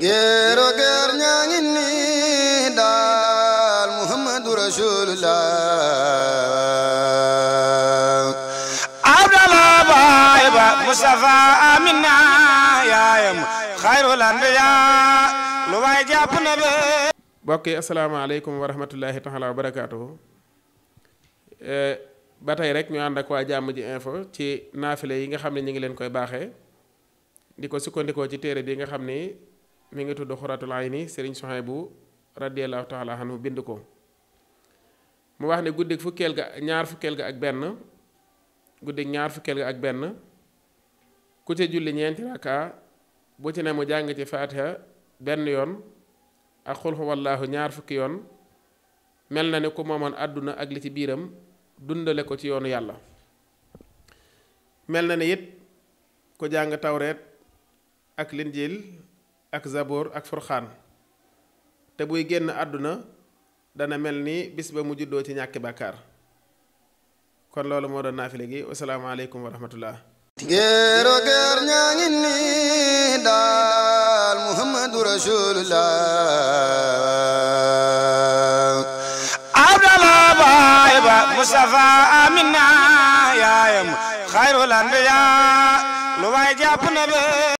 géero géer ñaa ngi nii daal muhammadu rasulullah abdala baay ba mustafa amina yaayam xayrul anbiya lu waay jàpp na be mbokk yi asalaamaaleykum wa rahmatullahi taala wa barakaatuhu eh, ba tey rek ñu ànd waa jàmm ji info ci naafile yi nga xam ne ñu ngi leen koy baaxe di ko sukkandikoo ci téere bi nga xam ni mi ngi tudd xuratul ayni sëriñ Suhaybu bu taala anhu bind ko mu wax ne guddig fukkeel ga ñaar fukkeel ga ak benn guddig ñaar fukkeel ga ak benn ku ci julli ñeenti raka bu ci ne mu jàng ci faatiha benn yoon ak xul huwallaahu ñaar fukki yoon mel na ne ku moomoon àdduna ak li ci biiram dundale ko ci yoonu yàlla mel na ne it ku jàng tawreet ak linjiil ak zabor ak te buy génn àdduna dana mel ni bis ba mu ci ñàkki bàkkaar kon loolu moo doon naafile gi wasalaamaaleykum abdala baay ba mustafa amina yaayam xayrul anbiya lu waay jàpp na be